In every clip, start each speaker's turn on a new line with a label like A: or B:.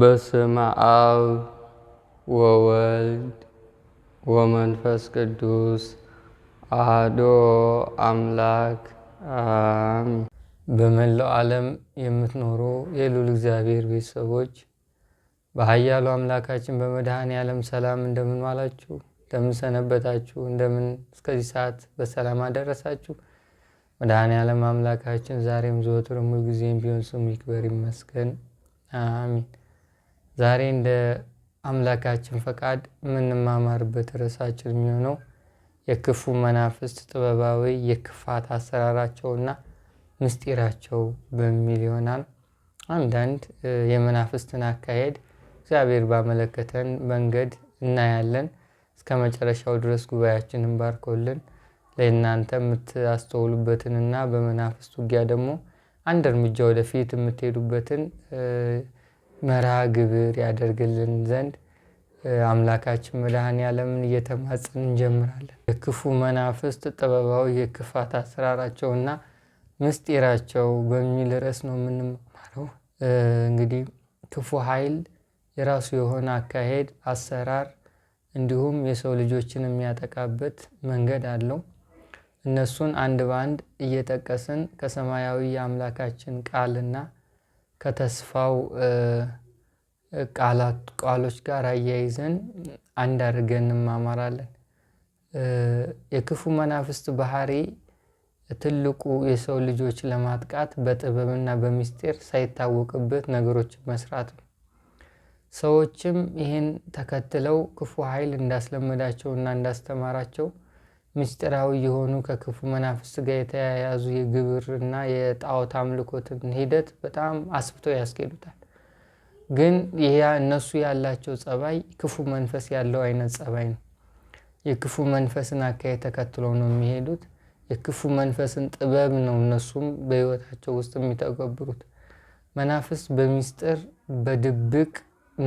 A: በስመ አብ ወወልድ ወመንፈስ ቅዱስ አህዶ አምላክ አሚን በመላው ዓለም የምትኖሩ የሉል እግዚአብሔር ቤተሰቦች በኃያሉ አምላካችን በመድኃኔ ዓለም ሰላም እንደምን ዋላችሁ? እንደምን ሰነበታችሁ? እንደምን እስከዚህ ሰዓት በሰላም አደረሳችሁ? መድኃኔ ዓለም አምላካችን ዛሬም ዘወትርም ሁልጊዜም ቢሆን ስሙ ይክበር ይመስገን። አሚን። ዛሬ እንደ አምላካችን ፈቃድ የምንማማርበት ርዕሳችን የሚሆነው የክፉ መናፍስት ጥበባዊ የክፋት አሰራራቸውና ምስጢራቸው በሚል ይሆናል። አንዳንድ የመናፍስትን አካሄድ እግዚአብሔር ባመለከተን መንገድ እናያለን። እስከ መጨረሻው ድረስ ጉባኤያችንን ባርኮልን ለእናንተ የምታስተውሉበትንና በመናፍስት ውጊያ ደግሞ አንድ እርምጃ ወደፊት የምትሄዱበትን መርሃ ግብር ያደርግልን ዘንድ አምላካችን መድኃኔ ዓለምን እየተማጸን እንጀምራለን። የክፉ መናፍስት ጥበባዊ የክፋት አሰራራቸውና ምስጢራቸው በሚል ርዕስ ነው የምንማረው። እንግዲህ ክፉ ኃይል የራሱ የሆነ አካሄድ፣ አሰራር እንዲሁም የሰው ልጆችን የሚያጠቃበት መንገድ አለው። እነሱን አንድ በአንድ እየጠቀስን ከሰማያዊ የአምላካችን ቃልና ከተስፋው ቃሎች ጋር አያይዘን አንድ አድርገን እንማማራለን። የክፉ መናፍስት ባህሪ ትልቁ የሰው ልጆች ለማጥቃት በጥበብና በሚስጢር ሳይታወቅበት ነገሮችን መስራት ነው። ሰዎችም ይህን ተከትለው ክፉ ኃይል እንዳስለመዳቸው እና እንዳስተማራቸው ምስጢራዊ የሆኑ ከክፉ መናፍስት ጋር የተያያዙ የግብርና የጣዖት አምልኮትን ሂደት በጣም አስብተው ያስኬዱታል ግን ይህ እነሱ ያላቸው ጸባይ ክፉ መንፈስ ያለው አይነት ጸባይ ነው። የክፉ መንፈስን አካሄድ ተከትለው ነው የሚሄዱት። የክፉ መንፈስን ጥበብ ነው እነሱም በህይወታቸው ውስጥ የሚተገብሩት። መናፍስ በሚስጥር በድብቅ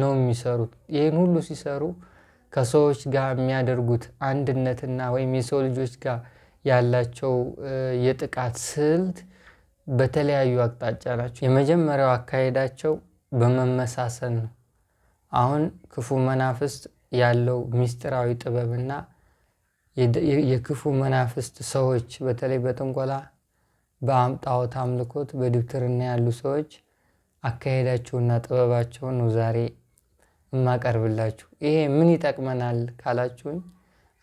A: ነው የሚሰሩት። ይህን ሁሉ ሲሰሩ ከሰዎች ጋር የሚያደርጉት አንድነትና ወይም የሰው ልጆች ጋር ያላቸው የጥቃት ስልት በተለያዩ አቅጣጫ ናቸው። የመጀመሪያው አካሄዳቸው በመመሳሰል ነው። አሁን ክፉ መናፍስት ያለው ሚስጢራዊ ጥበብና የክፉ መናፍስት ሰዎች በተለይ በጥንቆላ በጣዖት አምልኮት በድብትርና ያሉ ሰዎች አካሄዳቸውና ጥበባቸውን ነው ዛሬ የማቀርብላችሁ። ይሄ ምን ይጠቅመናል ካላችሁኝ፣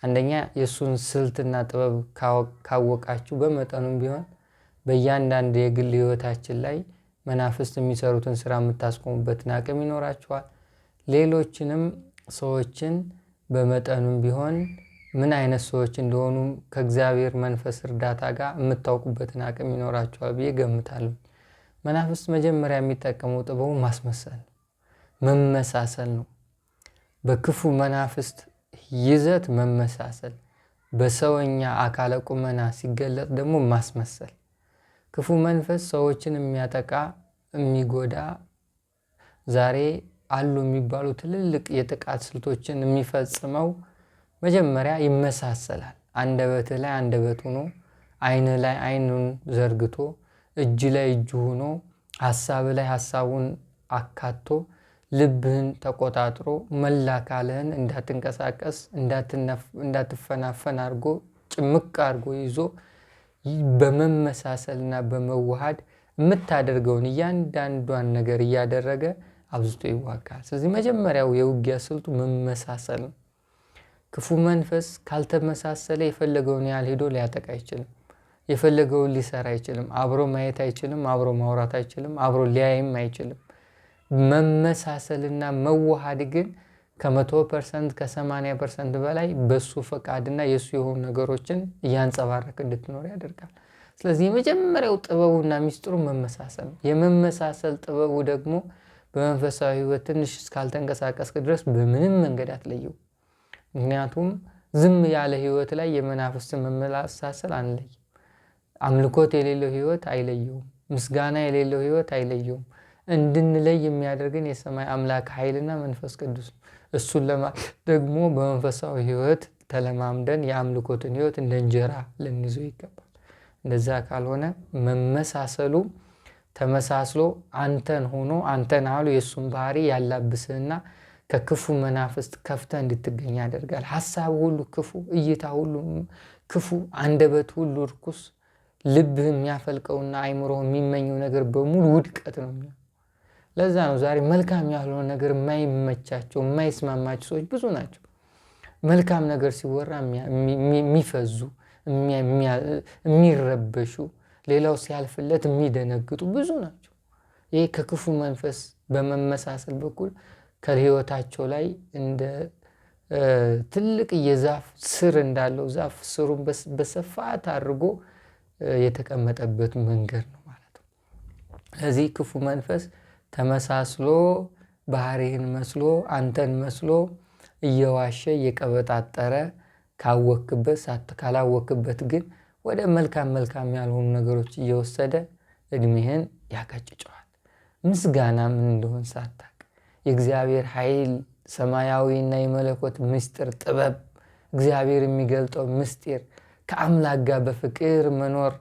A: አንደኛ የእሱን ስልትና ጥበብ ካወቃችሁ በመጠኑም ቢሆን በእያንዳንድ የግል ሕይወታችን ላይ መናፍስት የሚሰሩትን ስራ የምታስቆሙበትን አቅም ይኖራችኋል። ሌሎችንም ሰዎችን በመጠኑም ቢሆን ምን አይነት ሰዎች እንደሆኑ ከእግዚአብሔር መንፈስ እርዳታ ጋር የምታውቁበትን አቅም ይኖራችኋል ብዬ ገምታለሁ። መናፍስት መጀመሪያ የሚጠቀመው ጥበቡ ማስመሰል መመሳሰል ነው። በክፉ መናፍስት ይዘት መመሳሰል፣ በሰውኛ አካለ ቁመና ሲገለጥ ደግሞ ማስመሰል ክፉ መንፈስ ሰዎችን የሚያጠቃ የሚጎዳ ዛሬ አሉ የሚባሉ ትልልቅ የጥቃት ስልቶችን የሚፈጽመው መጀመሪያ ይመሳሰላል። በት ላይ አንደበት ሆኖ፣ አይን ላይ አይኑን ዘርግቶ፣ እጅ ላይ እጁ ሆኖ፣ ሀሳብ ላይ ሀሳቡን አካቶ፣ ልብህን ተቆጣጥሮ፣ መላ አካልህን እንዳትንቀሳቀስ እንዳትፈናፈን አድርጎ ጭምቅ አድርጎ ይዞ በመመሳሰልና በመዋሃድ የምታደርገውን እያንዳንዷን ነገር እያደረገ አብዝቶ ይዋጋል። ስለዚህ መጀመሪያው የውጊያ ስልቱ መመሳሰል ነው። ክፉ መንፈስ ካልተመሳሰለ የፈለገውን ያህል ሄዶ ሊያጠቃ አይችልም። የፈለገውን ሊሰራ አይችልም። አብሮ ማየት አይችልም። አብሮ ማውራት አይችልም። አብሮ ሊያይም አይችልም። መመሳሰልና መዋሃድ ግን ከመቶ ፐርሰንት ከሰማንያ ፐርሰንት በላይ በሱ ፈቃድና የእሱ የሆኑ ነገሮችን እያንጸባረቅ እንድትኖር ያደርጋል። ስለዚህ የመጀመሪያው ጥበቡና ሚስጥሩ መመሳሰል ነው። የመመሳሰል ጥበቡ ደግሞ በመንፈሳዊ ህይወት ትንሽ እስካልተንቀሳቀስክ ድረስ በምንም መንገድ አትለየው። ምክንያቱም ዝም ያለ ህይወት ላይ የመናፍስት መመሳሰል አንለይም። አምልኮት የሌለው ህይወት አይለየውም። ምስጋና የሌለው ህይወት አይለየውም። እንድንለይ የሚያደርግን የሰማይ አምላክ ኃይልና መንፈስ ቅዱስ ነው። እሱን ለማ ደግሞ በመንፈሳዊ ህይወት ተለማምደን የአምልኮትን ህይወት እንደ እንጀራ ልንይዘው ይገባል። እንደዛ ካልሆነ መመሳሰሉ ተመሳስሎ አንተን ሆኖ አንተን አሉ የእሱን ባህሪ ያላብስህና ከክፉ መናፍስት ከፍተ እንድትገኝ ያደርጋል። ሀሳብ ሁሉ ክፉ፣ እይታ ሁሉ ክፉ፣ አንደበት ሁሉ እርኩስ፣ ልብህ የሚያፈልቀውና አይምሮ የሚመኘው ነገር በሙሉ ውድቀት ነው። ለዛ ነው ዛሬ መልካም ያልሆነ ነገር የማይመቻቸው የማይስማማቸው ሰዎች ብዙ ናቸው። መልካም ነገር ሲወራ የሚፈዙ፣ የሚረበሹ፣ ሌላው ሲያልፍለት የሚደነግጡ ብዙ ናቸው። ይህ ከክፉ መንፈስ በመመሳሰል በኩል ከህይወታቸው ላይ እንደ ትልቅ የዛፍ ስር እንዳለው ዛፍ ስሩን በስፋት አድርጎ የተቀመጠበት መንገድ ነው ማለት ነው። ለዚህ ክፉ መንፈስ ተመሳስሎ ባህሪህን መስሎ አንተን መስሎ እየዋሸ እየቀበጣጠረ ካወክበት ካላወክበት ግን ወደ መልካም መልካም ያልሆኑ ነገሮች እየወሰደ እድሜህን ያቀጭጨዋል። ምስጋና ምን እንደሆን ሳታቅ የእግዚአብሔር ኃይል እና የመለኮት ምስጢር ጥበብ እግዚአብሔር የሚገልጠው ምስጢር ከአምላክ ጋር በፍቅር መኖር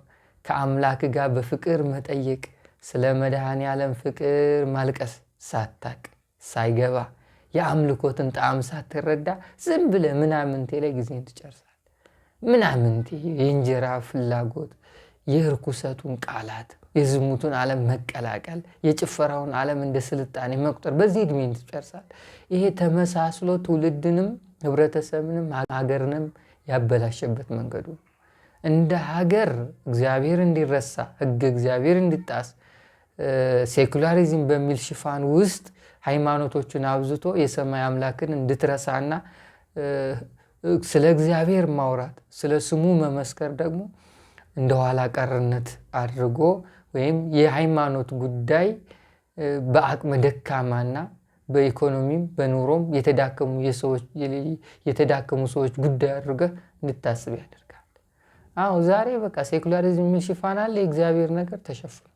A: ከአምላክ ጋር በፍቅር መጠየቅ ስለ መድኃኔ ዓለም ፍቅር ማልቀስ ሳታቅ ሳይገባ የአምልኮትን ጣዕም ሳትረዳ ዝም ብለ ምናምንቴ ላይ ጊዜን ትጨርሳል። ምናምንቴ የእንጀራ ፍላጎት፣ የርኩሰቱን ቃላት፣ የዝሙቱን ዓለም መቀላቀል፣ የጭፈራውን ዓለም እንደ ስልጣኔ መቁጠር በዚህ እድሜን ትጨርሳል። ይሄ ተመሳስሎ ትውልድንም ህብረተሰብንም ሀገርንም ያበላሸበት መንገዱ እንደ ሀገር እግዚአብሔር እንዲረሳ ህግ እግዚአብሔር እንዲጣስ ሴኩላሪዝም በሚል ሽፋን ውስጥ ሃይማኖቶችን አብዝቶ የሰማይ አምላክን እንድትረሳና ስለ እግዚአብሔር ማውራት ስለ ስሙ መመስከር ደግሞ እንደ ኋላ ቀርነት አድርጎ ወይም የሃይማኖት ጉዳይ በአቅመ ደካማና በኢኮኖሚም በኑሮም የተዳከሙ ሰዎች ጉዳይ አድርገ እንድታስብ ያደርጋል። አዎ ዛሬ በቃ ሴኩላሪዝም ሽፋን አለ። የእግዚአብሔር ነገር ተሸፍኗል።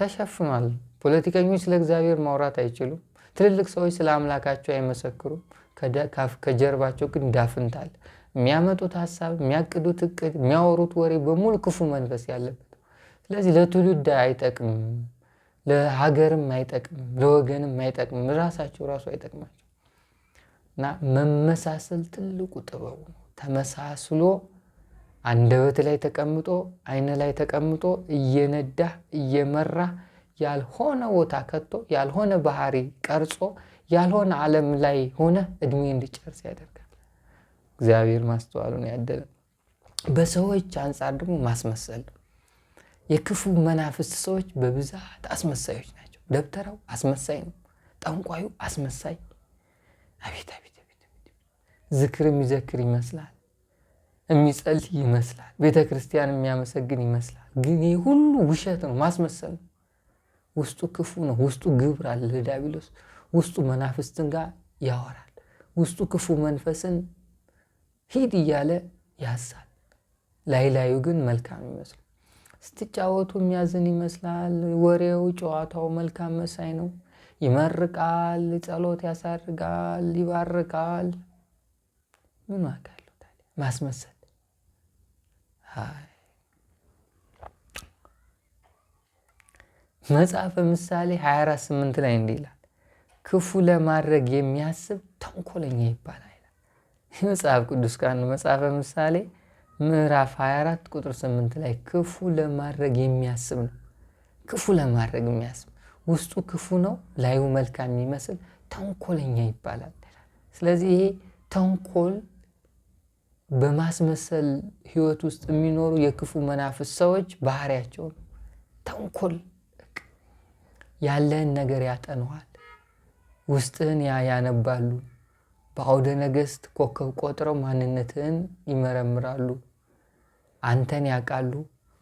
A: ተሸፍኗል። ፖለቲከኞች ስለ እግዚአብሔር ማውራት አይችሉም። ትልልቅ ሰዎች ስለ አምላካቸው አይመሰክሩም። ከጀርባቸው ግን ዳፍንታል። የሚያመጡት ሀሳብ፣ የሚያቅዱት እቅድ፣ የሚያወሩት ወሬ በሙሉ ክፉ መንፈስ ያለበት። ስለዚህ ለትውልድ አይጠቅምም፣ ለሀገርም አይጠቅምም፣ ለወገንም አይጠቅምም፣ ራሳቸው ራሱ አይጠቅማቸው እና መመሳሰል ትልቁ ጥበቡ ነው። ተመሳስሎ አንደበት ላይ ተቀምጦ አይን ላይ ተቀምጦ እየነዳህ እየመራህ ያልሆነ ቦታ ከቶ ያልሆነ ባህሪ ቀርጾ ያልሆነ ዓለም ላይ ሆነ እድሜ እንዲጨርስ ያደርጋል። እግዚአብሔር ማስተዋሉን ያደለ። በሰዎች አንጻር ደግሞ ማስመሰል የክፉ መናፍስት ሰዎች በብዛት አስመሳዮች ናቸው። ደብተራው አስመሳይ ነው። ጠንቋዩ አስመሳይ። አቤት አቤት! ዝክር የሚዘክር ይመስላል የሚጸልይ ይመስላል፣ ቤተ ክርስቲያን የሚያመሰግን ይመስላል። ግን ይህ ሁሉ ውሸት ነው፣ ማስመሰል ነው። ውስጡ ክፉ ነው። ውስጡ ግብር አለ ዲያብሎስ። ውስጡ መናፍስትን ጋር ያወራል። ውስጡ ክፉ መንፈስን ሂድ እያለ ያሳል። ላይ ላዩ ግን መልካም ይመስላል። ስትጫወቱ የሚያዝን ይመስላል። ወሬው ጨዋታው መልካም መሳይ ነው። ይመርቃል፣ ጸሎት ያሳርጋል፣ ይባርቃል። ምን ዋጋ አለው ታዲያ ማስመሰል? መጽሐፈ ምሳሌ 248 ላይ እንዲህ ይላል፣ ክፉ ለማድረግ የሚያስብ ተንኮለኛ ይባላል። ይላል መጽሐፍ ቅዱስ ቃል ነው። መጽሐፈ ምሳሌ ምዕራፍ 24 ቁጥር 8 ላይ ክፉ ለማድረግ የሚያስብ ነው። ክፉ ለማድረግ የሚያስብ ውስጡ ክፉ ነው፣ ላዩ መልካም የሚመስል ተንኮለኛ ይባላል። ስለዚህ ይሄ ተንኮል በማስመሰል ህይወት ውስጥ የሚኖሩ የክፉ መናፍስ ሰዎች ባህሪያቸው ነው። ተንኮል ያለህን ነገር ያጠነዋል። ውስጥህን ያ ያነባሉ። በአውደ ነገስት ኮከብ ቆጥረው ማንነትህን ይመረምራሉ። አንተን ያውቃሉ።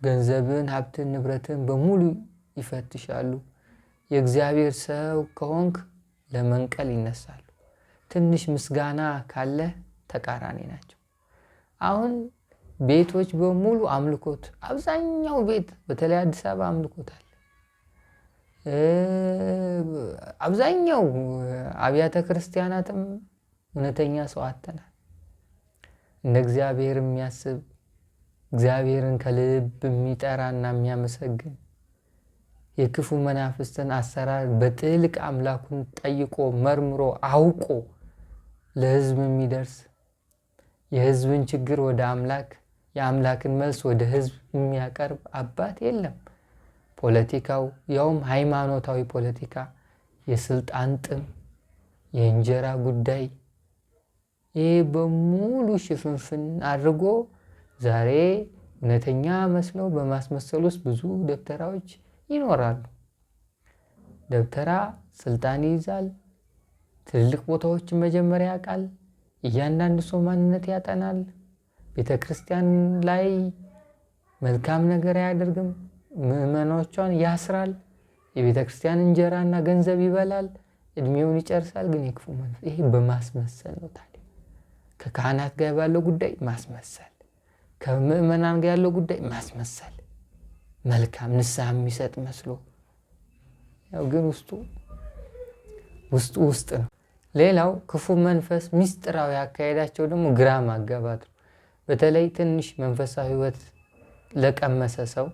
A: ገንዘብን፣ ሀብትን፣ ንብረትን በሙሉ ይፈትሻሉ። የእግዚአብሔር ሰው ከሆንክ ለመንቀል ይነሳሉ። ትንሽ ምስጋና ካለ ተቃራኒ ናቸው። አሁን ቤቶች በሙሉ አምልኮት አብዛኛው ቤት በተለይ አዲስ አበባ አምልኮታል። አብዛኛው አብያተ ክርስቲያናትም እውነተኛ ሰው አተናል። እንደ እግዚአብሔር የሚያስብ እግዚአብሔርን ከልብ የሚጠራና የሚያመሰግን የክፉ መናፍስትን አሰራር በጥልቅ አምላኩን ጠይቆ መርምሮ አውቆ ለሕዝብ የሚደርስ የህዝብን ችግር ወደ አምላክ የአምላክን መልስ ወደ ህዝብ የሚያቀርብ አባት የለም። ፖለቲካው ያውም ሃይማኖታዊ ፖለቲካ፣ የስልጣን ጥም፣ የእንጀራ ጉዳይ፣ ይህ በሙሉ ሽፍንፍን አድርጎ ዛሬ እውነተኛ መስለው በማስመሰል ውስጥ ብዙ ደብተራዎች ይኖራሉ። ደብተራ ስልጣን ይይዛል። ትልልቅ ቦታዎችን መጀመሪያ ያውቃል። እያንዳንዱ ሰው ማንነት ያጠናል። ቤተ ክርስቲያን ላይ መልካም ነገር አያደርግም። ምዕመኖቿን ያስራል። የቤተ ክርስቲያን እንጀራና ገንዘብ ይበላል። እድሜውን ይጨርሳል። ግን የክፉ መንፈስ ይሄ በማስመሰል ነው። ታዲያ ከካህናት ጋር ባለው ጉዳይ ማስመሰል፣ ከምዕመናን ጋር ያለው ጉዳይ ማስመሰል፣ መልካም ንስሐ የሚሰጥ መስሎ ያው ግን ውስጡ ውስጥ ውስጥ ነው። ሌላው ክፉ መንፈስ ሚስጥራዊ ያካሄዳቸው ደግሞ ግራ ማጋባት ነው። በተለይ ትንሽ መንፈሳዊ ህይወት ለቀመሰ ሰው፣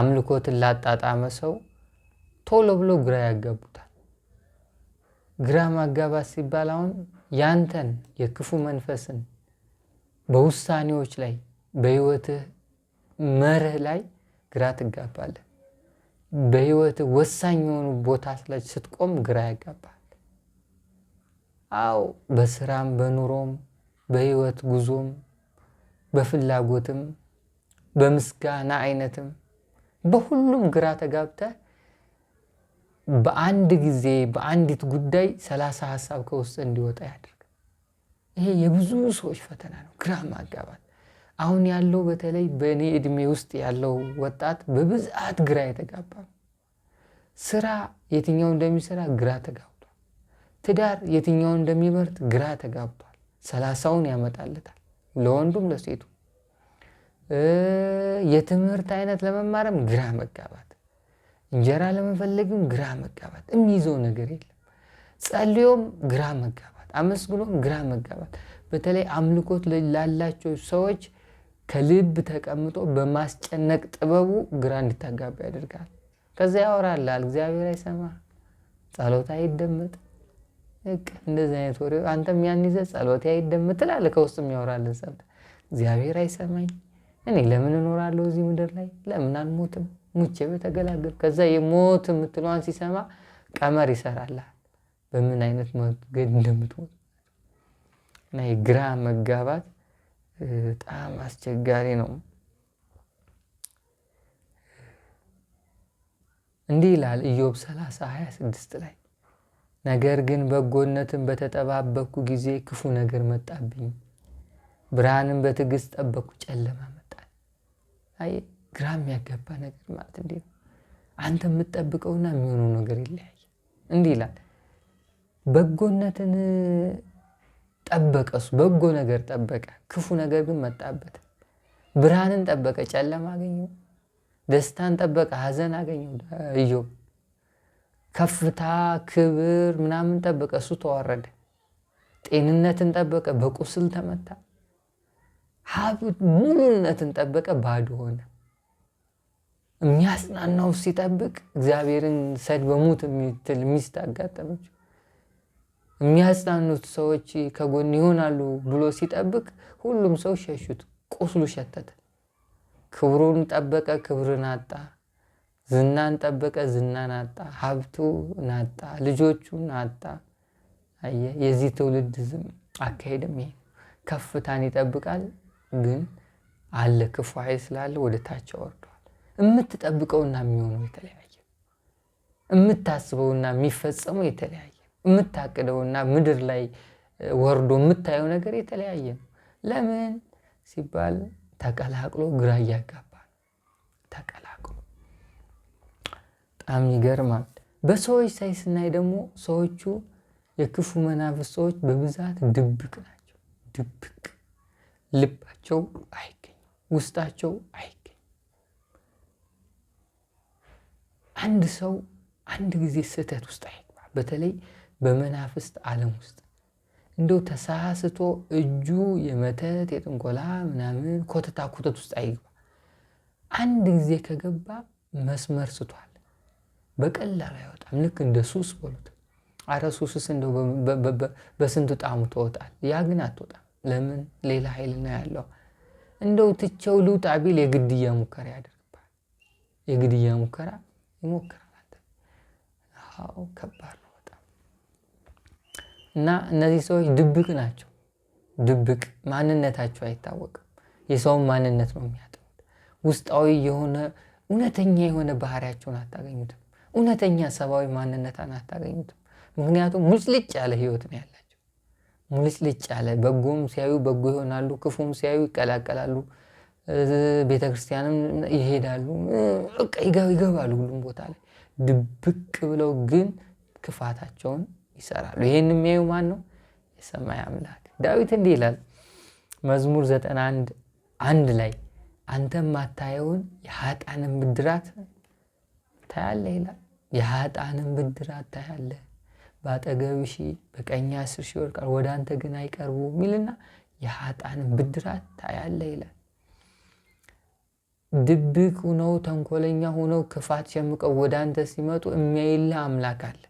A: አምልኮትን ላጣጣመ ሰው ቶሎ ብሎ ግራ ያጋቡታል። ግራ ማጋባት ሲባል አሁን ያንተን የክፉ መንፈስን በውሳኔዎች ላይ በህይወትህ መርህ ላይ ግራ ትጋባለህ። በህይወትህ ወሳኝ የሆኑ ቦታ ስለች ስትቆም ግራ ያጋባል። አዎ በስራም በኑሮም በህይወት ጉዞም በፍላጎትም በምስጋና አይነትም በሁሉም ግራ ተጋብተ በአንድ ጊዜ በአንዲት ጉዳይ ሰላሳ ሀሳብ ከውስጥ እንዲወጣ ያደርግ። ይሄ የብዙ ሰዎች ፈተና ነው፣ ግራ ማጋባት። አሁን ያለው በተለይ በእኔ እድሜ ውስጥ ያለው ወጣት በብዛት ግራ የተጋባ ስራ የትኛው እንደሚሰራ ግራ ተጋባ። ትዳር የትኛውን እንደሚመርጥ ግራ ተጋብቷል። ሰላሳውን ያመጣለታል ለወንዱም ለሴቱ። የትምህርት አይነት ለመማርም ግራ መጋባት፣ እንጀራ ለመፈለግም ግራ መጋባት፣ የሚይዘው ነገር የለም። ጸልዮም ግራ መጋባት፣ አመስግኖም ግራ መጋባት። በተለይ አምልኮት ላላቸው ሰዎች ከልብ ተቀምጦ በማስጨነቅ ጥበቡ ግራ እንዲታጋባ ያደርጋል። ከዚያ ያወራላል፣ እግዚአብሔር አይሰማ፣ ጸሎት አይደመጥ እቅ እንደዚህ አይነት ወሬ አንተም ያን ይዘህ ጸሎቴ አይደም ትላለህ። ከውስጥ የሚያወራልን ጸሎት እግዚአብሔር አይሰማኝ እኔ ለምን እኖራለሁ እዚህ ምድር ላይ ለምን አልሞትም ሙቼ በተገላገል ከዛ የሞት የምትለዋን ሲሰማ ቀመር ይሰራላል። በምን አይነት መንገድ እንደምትሞት እና የግራ መጋባት በጣም አስቸጋሪ ነው። እንዲህ ይላል ኢዮብ 30 26 ላይ ነገር ግን በጎነትን በተጠባበቅኩ ጊዜ ክፉ ነገር መጣብኝ። ብርሃንን በትዕግስት ጠበቅኩ፣ ጨለማ መጣ አይ ግራ የሚያገባ ነገር ማለት እንዴ ነው። አንተ የምትጠብቀውና የሚሆነው ነገር ይለያል። እንዲህ ይላል በጎነትን ጠበቀ እሱ በጎ ነገር ጠበቀ፣ ክፉ ነገር ግን መጣበት። ብርሃንን ጠበቀ፣ ጨለማ አገኘው። ደስታን ጠበቀ፣ ሀዘን አገኘው። እዮብ ከፍታ ክብር ምናምን ጠበቀ፣ እሱ ተዋረደ። ጤንነትን ጠበቀ፣ በቁስል ተመታ። ሀብት ሙሉነትን ጠበቀ፣ ባዶ ሆነ። የሚያጽናናው ሲጠብቅ እግዚአብሔርን ሰድ በሙት የሚትል ሚስት አጋጠመች። የሚያጽናኑት ሰዎች ከጎን ይሆናሉ ብሎ ሲጠብቅ ሁሉም ሰው ሸሹት፣ ቁስሉ ሸተተ። ክብሩን ጠበቀ፣ ክብርን አጣ። ዝናን ጠበቀ፣ ዝናን አጣ፣ ናጣ፣ ልጆቹ ናጣ። አጣ። የዚህ ትውልድ አካሄድም ይሄ ከፍታን ይጠብቃል፣ ግን አለ ክፉ ኃይል ስላለ ወደ ታች ወርዷል። የምትጠብቀውና የሚሆነው የተለያየ፣ የምታስበውና የሚፈጸመው የተለያየ፣ የምታቅደውና ምድር ላይ ወርዶ የምታየው ነገር የተለያየ ነው። ለምን ሲባል ተቀላቅሎ ግራ እያጋባ በጣም ይገርማል። በሰዎች ሳይ ስናይ ደግሞ ሰዎቹ የክፉ መናፍስ ሰዎች በብዛት ድብቅ ናቸው። ድብቅ ልባቸው አይገኝም፣ ውስጣቸው አይገኝም። አንድ ሰው አንድ ጊዜ ስህተት ውስጥ አይግባ። በተለይ በመናፍስት ዓለም ውስጥ እንደው ተሳስቶ እጁ የመተት የጥንቆላ ምናምን ኮተታ ኮተት ውስጥ አይግባ። አንድ ጊዜ ከገባ መስመር ስቷል። በቀላል አይወጣም። ልክ እንደ ሱስ በሉት። አረ ሱስስ እንደው በስንት ጣሙ ትወጣል። ያ ግን አትወጣም። ለምን? ሌላ ኃይል ነው ያለው። እንደው ትቸው ልውጣ ቢል የግድያ ሙከራ ያደርግባል። የግድያ ሙከራ ይሞክራል። አዎ ከባድ ነው በጣም። እና እነዚህ ሰዎች ድብቅ ናቸው። ድብቅ ማንነታቸው አይታወቅም። የሰውን ማንነት ነው የሚያጥኑት ውስጣዊ የሆነ እውነተኛ የሆነ ባህሪያቸውን አታገኙትም። እውነተኛ ሰብአዊ ማንነትን አታገኙትም። ምክንያቱም ሙልጭልጭ ያለ ህይወት ነው ያላቸው። ሙልጭልጭ ያለ በጎም ሲያዩ በጎ ይሆናሉ፣ ክፉም ሲያዩ ይቀላቀላሉ፣ ቤተ ክርስቲያንም ይሄዳሉ፣ ይገባሉ፣ ሁሉም ቦታ ላይ ድብቅ ብለው ግን ክፋታቸውን ይሰራሉ። ይሄን የሚያዩ ማን ነው? የሰማይ አምላክ። ዳዊት እንዲህ ይላል መዝሙር 91 አንድ ላይ አንተ ማታየውን የሀጣንን ብድራት ታያለህ ይላል። የኃጥአንን ብድር ታያለህ፣ በአጠገብ ሺ በቀኝ አስር ሺ ይወድቃሉ ወደ አንተ ግን አይቀርቡ የሚልና የኃጥአንን ብድር ታያለህ ይላል። ድብቅ ሁነው ተንኮለኛ ሁነው ክፋት ሸምቀው ወደ አንተ ሲመጡ የሚያይልህ አምላክ አለ።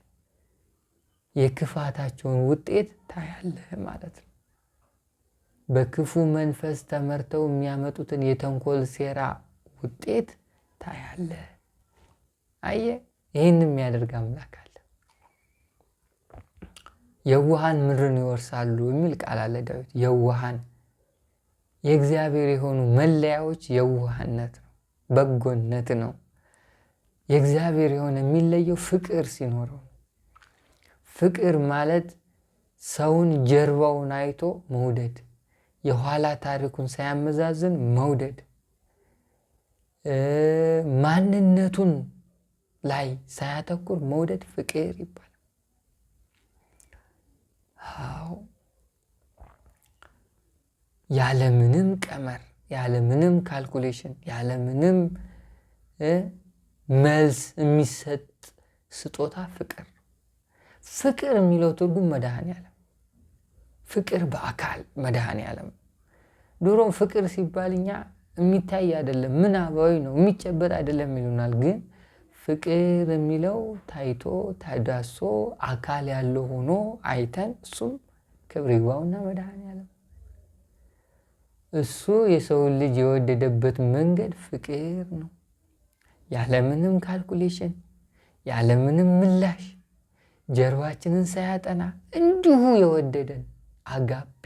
A: የክፋታቸውን ውጤት ታያለህ ማለት ነው። በክፉ መንፈስ ተመርተው የሚያመጡትን የተንኮል ሴራ ውጤት ታያለህ። አየህ። ይህን የሚያደርግ አምላክ አለ። የውሃን ምድርን ይወርሳሉ የሚል ቃል አለ ዳዊት። የውሃን የእግዚአብሔር የሆኑ መለያዎች የውሃነት ነው፣ በጎነት ነው። የእግዚአብሔር የሆነ የሚለየው ፍቅር ሲኖረው ፍቅር ማለት ሰውን ጀርባውን አይቶ መውደድ፣ የኋላ ታሪኩን ሳያመዛዝን መውደድ ማንነቱን ላይ ሳያተኩር መውደድ ፍቅር ይባላል። አዎ ያለምንም ቀመር፣ ያለምንም ካልኩሌሽን፣ ያለምንም መልስ የሚሰጥ ስጦታ ፍቅር። ፍቅር የሚለው ትርጉም መድሃን ዓለም ፍቅር በአካል መድኃኔ ዓለም። ድሮም ፍቅር ሲባል እኛ የሚታይ አይደለም ምናባዊ ነው የሚጨበጥ አይደለም ይሉናል ግን ፍቅር የሚለው ታይቶ ተዳሶ አካል ያለው ሆኖ አይተን እሱም ክብር ይግባውና መድኃኔዓለም እሱ የሰውን ልጅ የወደደበት መንገድ ፍቅር ነው። ያለምንም ካልኩሌሽን ያለምንም ምላሽ ጀርባችንን ሳያጠና እንዲሁ የወደደን አጋፔ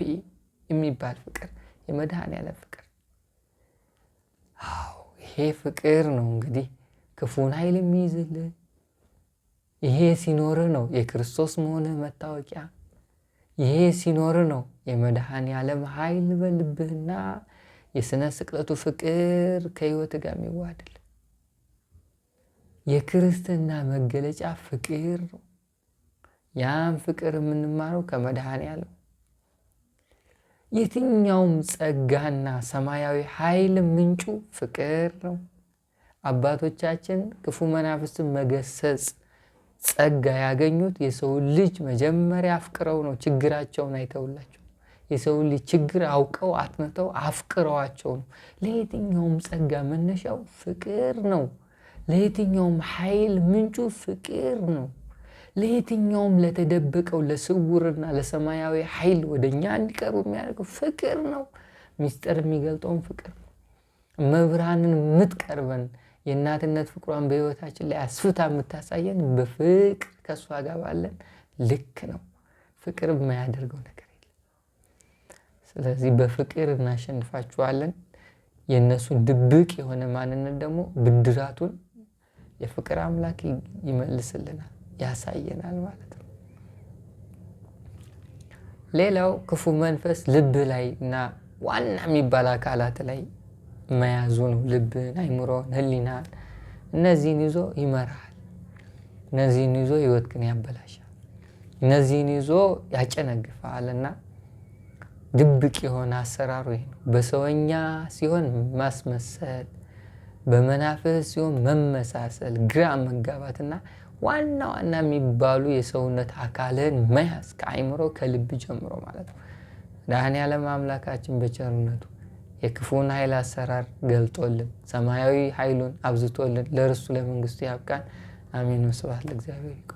A: የሚባል ፍቅር የመድኃኔዓለም ፍቅር። አዎ ይሄ ፍቅር ነው እንግዲህ ክፉን ኃይል የሚይዝልህ ይሄ ሲኖር ነው የክርስቶስ መሆንህ መታወቂያ። ይሄ ሲኖር ነው የመድኃኔ ዓለም ኃይል በልብህና የሥነ ስቅለቱ ፍቅር ከሕይወት ጋር የሚዋደል የክርስትና መገለጫ ፍቅር ነው። ያም ፍቅር የምንማረው ከመድኃኔ ዓለም። የትኛውም ጸጋና ሰማያዊ ኃይል ምንጩ ፍቅር ነው። አባቶቻችን ክፉ መናፍስትን መገሰጽ ጸጋ ያገኙት የሰውን ልጅ መጀመሪያ አፍቅረው ነው። ችግራቸውን አይተውላቸው የሰውን ልጅ ችግር አውቀው አትምተው አፍቅረዋቸው ነው። ለየትኛውም ጸጋ መነሻው ፍቅር ነው። ለየትኛውም ኃይል ምንጩ ፍቅር ነው። ለየትኛውም ለተደበቀው ለስውርና ለሰማያዊ ኃይል ወደ እኛ እንዲቀርቡ የሚያደርገው ፍቅር ነው። ሚስጥር የሚገልጠውን ፍቅር ነው። መብራንን የምትቀርበን የእናትነት ፍቅሯን በህይወታችን ላይ አስፍታ የምታሳየን በፍቅር ከእሷ ጋር ባለን ልክ ነው። ፍቅር የማያደርገው ነገር የለም። ስለዚህ በፍቅር እናሸንፋችኋለን። የእነሱ ድብቅ የሆነ ማንነት ደግሞ ብድራቱን የፍቅር አምላክ ይመልስልናል፣ ያሳየናል ማለት ነው። ሌላው ክፉ መንፈስ ልብ ላይ እና ዋና የሚባል አካላት ላይ መያዙ ነው። ልብን፣ አይምሮን፣ ህሊናን እነዚህን ይዞ ይመራል እነዚህን ይዞ ህይወትክን ያበላሻል። እነዚህን ይዞ ያጨነግፋል። እና ድብቅ የሆነ አሰራሩ ይሄ ነው። በሰውኛ ሲሆን ማስመሰል፣ በመናፍህ ሲሆን መመሳሰል፣ ግራ መጋባትና ዋና ዋና የሚባሉ የሰውነት አካልህን መያዝ ከአይምሮ ከልብ ጀምሮ ማለት ነው። መድኃኔዓለም አምላካችን በቸርነቱ የክፉን ኃይል አሰራር ገልጦልን ሰማያዊ ኃይሉን አብዝቶልን ለርሱ ለመንግስቱ ያብቃን። አሜን። ስብሐት ለእግዚአብሔር።